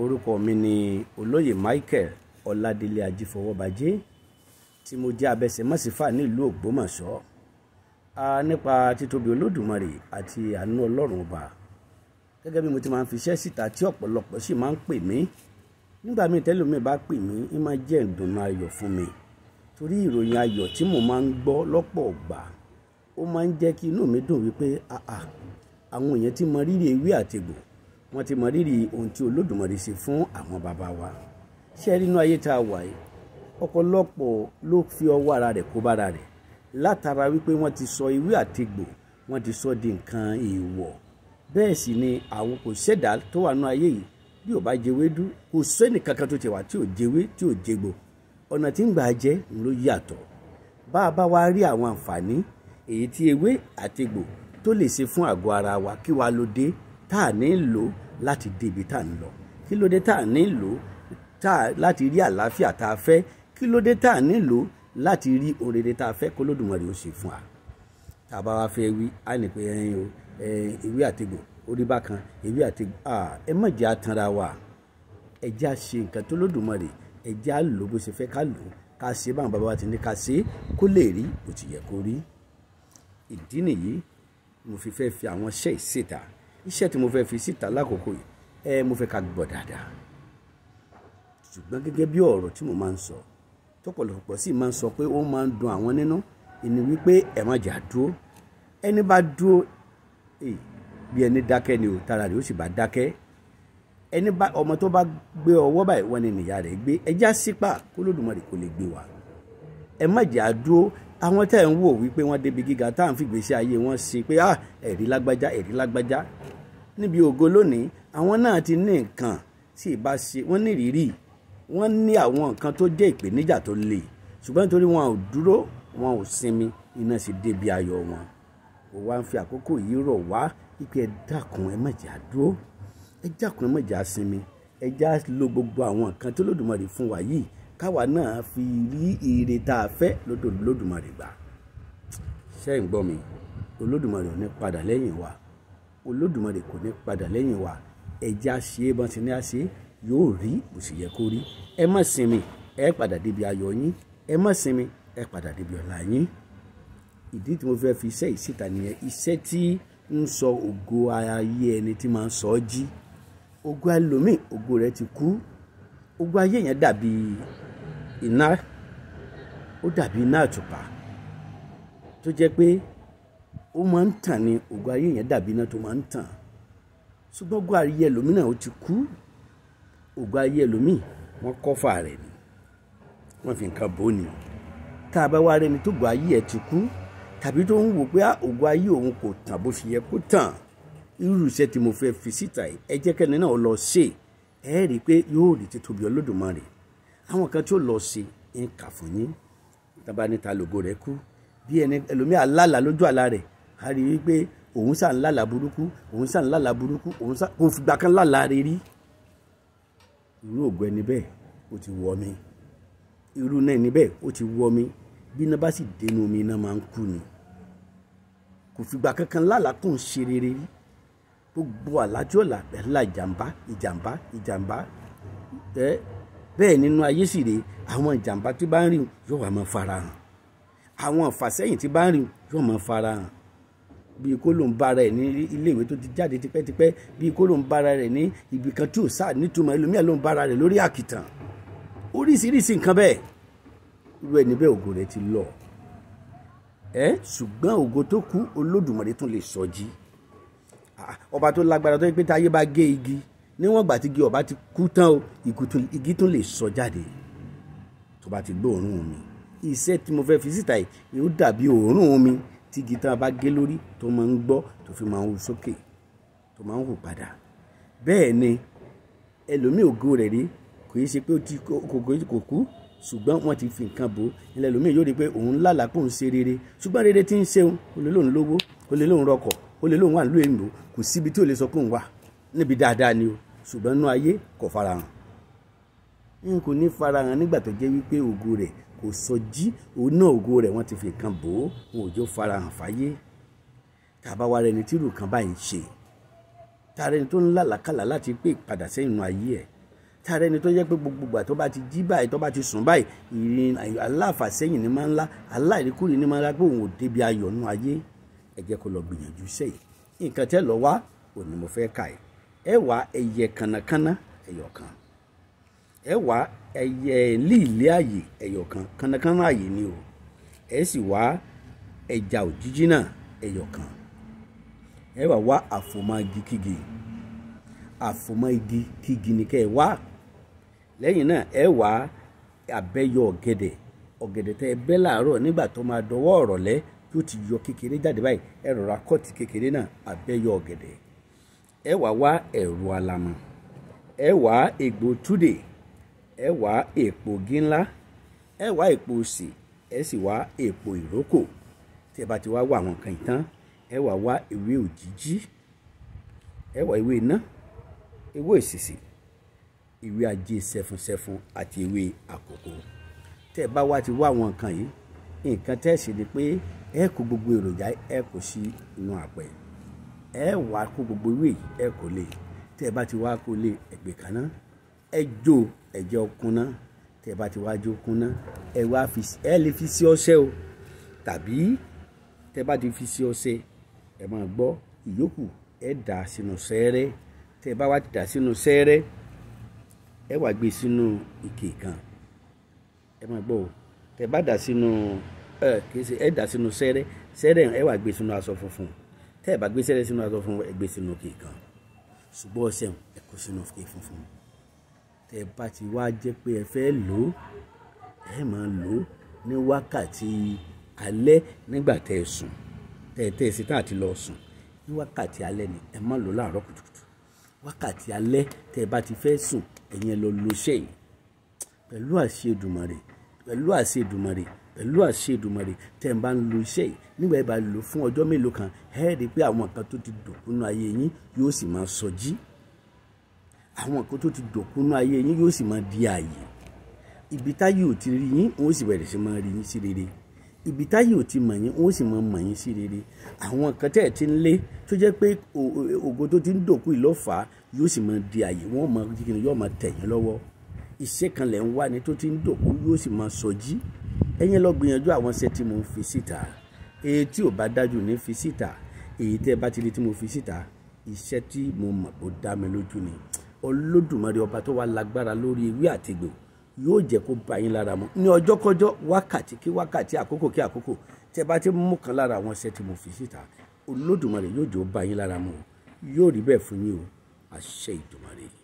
orúkọ mi ni olóyè Michael Ọládélé Ajífọwọ́bajé tí mo jẹ́ abẹsẹ̀mọ́sífà nílùú Ògbómọ̀ṣọ́ a nípa títóbi Olódùmarè àti àánú Ọlọ́run ọba gẹ́gẹ́ bí mo ti máa ń fiṣẹ́ síta tí ọ̀pọ̀lọpọ̀ sì máa ń pè mí nígbà míì tẹ́lómi bá pè mí ń máa jẹ́ ìdùnnú ayọ̀ fún mi torí ìròyìn ayọ̀ tí mo máa ń gbọ́ lọ́pọ̀ ọ̀gbà ó máa ń jẹ́ kí inú mi dùn wípé àà àwọn èèyàn ti mọ rírì ewé àtegbò wọ́n ti mọrírì ohun tí olódùmarè ṣe fún àwọn bàbá wa ṣé rínú ayé tá a wà yìí ọ̀pọ̀lọpọ̀ ló fi ọwọ́ ara rẹ̀ kó bára rẹ̀ látara wípé wọ́n ti sọ ewé àtegbò wọ́n ti sọ di nǹkan èèwọ̀ bẹ́ẹ̀ sì ni àwọn kò ṣẹ̀dá tó wà nú ayé yìí bí ò bá jẹwé dú kò sẹ́ni kankan tó ti wà tí ò jẹwé tí ò jẹgbò ọ̀nà tí ń gbà jẹ́ ló yàtọ̀ bá a bá wá rí àwọn àǹfààní èyí tí ewé àtegbò tó lè ṣe fún àgọ́ ara wa kí wàá lo dé tá à ní lò láti dé ibi tá à ń lọ kí ló dé tá à ní lò láti rí àlàáfíà tá a fẹ́ kí ló dé tá à ní lò láti rí orere tá a fẹ́ kó lódùmarè ó ṣe fún wa tá a bá wá fẹ́ wí á ní pé ẹyin o ìwé àtegbò orí bákan ìwé àtegbò ẹ má jẹ́ àtànra wa ẹ jẹ́ à ṣe nǹkan tó lódùmarè ẹ jẹ́ à lò bó ṣe fẹ́ ká lò ká ṣe báwọn bàbá wa ti ní ká ṣe kó lè rí bó kó rí ìdí nìyí mo fi fẹ́ fi àwọn ṣẹ́ẹ̀ síta iṣẹ́ tí mo fẹ́ fi síta lákòókò yìí ẹ mo fẹ́ ká gbọ́ dáadáa ṣùgbọ́n gẹ́gẹ́ bí ọ̀rọ̀ tí mo máa ń sọ tọ́pọ̀lọpọ̀ sì máa ń sọ pé ó máa ń dùn àwọn nínú ìní wípé ẹ má jà dúró ẹni bá dúró bí ẹni dákẹ́ ni ò tara rẹ̀ ó sì bá dákẹ́ ẹni bá ọmọ tó bá gbé ọwọ́ báyìí wọ́n ní nìyá rẹ̀ gbé ẹjá sípà kó lódùmarè kò lè gbé wa ẹ má jà dúró àwọn tẹ́ ń wò wípé wọ́n débi gíga tá ń fìgbésí ayé wọn sí pé ah, ẹ̀rí lágbájá ẹ̀rí lágbájá níbi ògo lónìí àwọn náà ti ní nǹkan tí ìbá ṣe wọ́n ní ìrírí wọ́n ní àwọn nǹkan tó jẹ́ ìpèníjà tó le ṣùgbọ́n nítorí wọn ò dúró wọn ò sinmi iná sì débi ayọ̀ wọn ò wá ń fi àkókò yìí rọ̀ wá wípé ẹ dákun ẹ má jẹ́ á dúró ẹ dákun ẹ má jẹ́ á sinmi ẹ já lo gbogbo àwọn nǹkan tó lódùmarè fún wa yìí káwa náà fi rí ire tá a fẹ́ lódùmarè gbà ṣé gbọ́ mi olódùmarè ò ní padà lẹ́yìn wa olódùmarè kò ní padà lẹ́yìn wa ẹja ṣe é bọ́n ti ní àṣe yóò rí bó ṣe yẹ kó rí ẹ má sinmi ẹ padà débi ayọ̀ yín ẹ má sinmi ẹ padà débi ọ̀la yín ìdí tí mo fẹ́ fi iṣẹ́ ìsìta nìyẹn iṣẹ́ tí ń sọ ògo ayé ẹni tí máa ń sọ ọ́ jí ògo ẹlòmíì ògo ti kú ogo ayé yẹn dàbí iná ó dàbí iná àtùpà tó jẹ́ pé ó máa ń tàn ní ògùn ayé yẹn dàbí iná tó máa ń tàn ṣùgbọ́n ògùn ayé ẹlòmíràn ó ti kú ògùn ayé ẹlòmíì wọ́n kọ́fà rẹ̀ ni wọ́n fi nǹkan bò ní tá a bá wá rẹni tó ògùn ayé ẹ̀ ti kú tàbí tó ń wò pé ah, ògùn ayé òun kò tàn bó ṣe yẹ kó tàn irú iṣẹ́ tí mo fẹ́ fi síta yìí ẹ jẹ́ kẹ́ni náà lọ ṣe ẹ rí i pé yóò rí títóbi Olódùmarè àwọn kan tí ó lọ ṣe ń kà fún yín tábà níta lògo rẹ kú bí ẹni ẹlòmíà lálàá lójú àlá rẹ̀ a rí i pé òun ṣà ń lálàá burúkú òun ṣà ń lálàá burúkú òun ṣà kò fìgbà kan lálàá rẹ̀ rí irú ògùn ẹni bẹ́ẹ̀ ó ti wọ mi irú náà ẹni bẹ́ẹ̀ ó ti wọ mi bí iná bá sì dénú mi iná máa ń kú ni kò fìgbà kankan lálàá kò ń ṣe rere rí gbogbo àlájọ́là ẹ̀la ìjàmbá ìjàmbá ìjàmbá ẹ bẹ́ẹ̀ nínú ayé sì rèé àwọn ìjàmbá tí bá ń rìn yóò wá máa fara hàn àwọn ìfàsẹ́yìn tí bá ń rìn yóò máa fara hàn bíi kó ló ń bára ẹ̀ ní iléèwé tó ti jáde tipẹ́tipẹ́ bíi kó ló ń bára rẹ̀ ní ibì kan tí ò sáà nítumọ̀ ẹlòmíà ló ń bára rẹ̀ lórí àkìtàn oríṣiríṣi nǹkan bẹ́ẹ̀ irú ẹni bẹ́ẹ̀ ògo rẹ̀ ti lọ ẹ ṣùgbọ́n ògo tó kú olódùmarè tún lè sọjí ah, ọba tó lágbára tó yẹ pé táyé bá gé igi níwọ̀n ìgbà tí igi ọba ti kú tán o igi tún lè sọ jáde tó bá ti gbóòórùn mi iṣẹ́ tí mo fẹ́ fi síta yìí ó dàbí òórùn mi tí igi tán bá gé lórí tó máa ń gbọ́ tó fi máa ń hù sókè tó máa ń hù padà bẹ́ẹ̀ ni ẹlòmíì ògo rẹ̀ rí kò yí ṣe pé ó ti kò kú ṣùgbọ́n wọ́n ti fi nǹkan bò ilẹ̀ ẹlòmíì yóò rí pé òun lálàá ń ṣe rere ṣùgbọ́n rere ti ń ṣeun olè lòun lówó olè lòun rọkọ̀ olè lòun wà nílùú èmò kò síbi tí ò lè sọ pé òun wà níbi dáadáa ni o ṣùgbọ́n inú ayé kò farahàn n kò ní farahàn nígbà tó jẹ́ wípé ògo rẹ̀ kò sọjí òun náà ògo rẹ̀ wọ́n ti fi kan bò ó wọn ò jó farahàn fáyé tàbá wa rẹni tírù kan báyìí ń ṣe tààrẹ ni tó ń làlàkàlà láti pé ìpadà sẹ́yìn nu ayé ẹ̀ tààrẹ ni tó yẹ pé gbogbo ìgbà tó bá ti jí báyìí tó bá ti sùn báyìí ìrìn aláfàsẹ́yìn ni máa ń lá aláìríkúrì ni máa ń lá pé òun ò débi ayọ̀ nu ayé ẹ jẹ́ kó lọ gbìyànjú sẹ́yìn nǹkan tẹ́ lọ wá òní mo fẹ́ kà ẹ ẹ wá ẹyẹ kànnàkànnà ẹyọ kan. ẹ wá ẹyẹ ẹlí ilé ààyè ẹyọkan kánnakánná ààyè ni o ẹ sì wá ẹja òjijì náà ẹyọkan ẹ wà wá àfòmọ́ kígi àfòmọ́ kígi ni kẹ́ ẹ wá lẹ́yìn náà ẹ wá abẹ́yọ ọ̀gẹ̀dẹ̀ ẹ nígbà tó máa ẹ wá èèpo gínlá ẹ wá èèpo òsì ẹ sì wá èèpo ìrókò tí ẹ bá ti wá wá àwọn nǹkan yìí tán ẹ wá wá ewé òjìjí ẹ wá ewé iná ewé ìsìsì ewé ajé sẹfunsẹfun àti ewé àkókò tẹ bá wá ti wá àwọn nǹkan yìí nǹkan tẹ́ ṣe ni pé ẹ kó gbogbo èròjà ẹ kó sí inú àpẹ ẹ wá kó gbogbo ewé ẹ kó lè tẹ bá ti wá kó lè ẹgbẹ́ kaná ẹ jó ẹ̀jẹ̀ ọkùnná tẹ̀ bá ti wá jó kúnná ẹ wá fi ẹ lè fi sí ọṣẹ o tàbí tẹ̀ bá ti fi sí ọṣẹ ẹ máa gbọ́ ìyókù ẹ dà sínú sẹ́rẹ́ tẹ̀ bá wá ti dà sínú sẹ́rẹ́ ẹ wá gbé sínú ike kan ẹ máa gbọ́ o tẹ̀ bá dà sínú ẹ kìí ṣe ẹ dà sínú sẹ́rẹ́ sẹ́rẹ́ ẹ wá gbé sínú aṣọ funfun tẹ́ bá gbé sẹ́rẹ́ sínú aṣọ funfun ẹ gbé sínú ike kan ṣùgbọ́n ọṣẹ ẹ kó sínú ike funfun tẹ́ ẹ bá ti wá jẹ́ pé ẹ fẹ́ lò ó ẹ máa lò ó ní wákàtí alẹ́ nígbà tẹ́ ẹ sùn tẹ́ ẹ tẹ́ ẹ sí tá àti lọ sùn ní wákàtí alẹ́ ni ẹ má lò ó láàárọ̀ kùtùkùtù wákàtí alẹ́ tẹ́ ẹ bá ti fẹ́ sùn ẹ̀yin ẹ lọ lo iṣẹ́ yìí pẹ̀lú àṣẹ Èdùmàrè pẹ̀lú àṣẹ Èdùmàrè pẹ̀lú àṣẹ Èdùmàrè tẹ́ ẹ bá ń lo iṣẹ́ yìí nígbà ẹ bá lò fún ọjọ́ mélòó kan ẹ rí i pé àwọn nǹkan tó ti dòkúnú ayé yín yóò sì máa sọjí. So àwọn nǹkan tó ti dòkúnú ayé yín yóò sì máa di ààyè ibi táyé ò ti rí yín wọ́n sì bẹ̀rẹ̀ sí máa rí yín sí rere ibi táyé ò ti mọ̀ yín wọ́n sì máa mọ̀ yín sí rere àwọn nǹkan tẹ̀ ti ń lé tó jẹ́ pé ògo tó ti ń dòkú ìlọ́fà yóò sì máa di ààyè wọ́n mọ kíkiri yóò máa tẹ̀ lọ́wọ́ iṣẹ́ kan lẹ̀ ń wá ni tó ti ń dòkú yóò sì máa sọjí ẹ̀yin lọ gbìyànjú àwọn iṣẹ́ tí mo ń fi síta èyí tí ò bá dájú ní fi síta èyí tẹ́ bá ti rí tí mo fi síta iṣẹ́ tí mo mọ̀ ó dá mi lójú ni olódùmarè ọba tó wà lágbára lórí ewé àtìgbò yóò jẹ́ kó bá yín lára mu ní ọjọ́ kọjọ́ wákàtí kí wákàtí àkókò kí àkókò tẹ́ bá ti mú kan lára àwọn iṣẹ́ tí mo fi síta olódùmarè yóò jẹ́ ó bá yín lára mu yóò rí bẹ́ẹ̀ fún yín o àṣẹ ìdùmarè.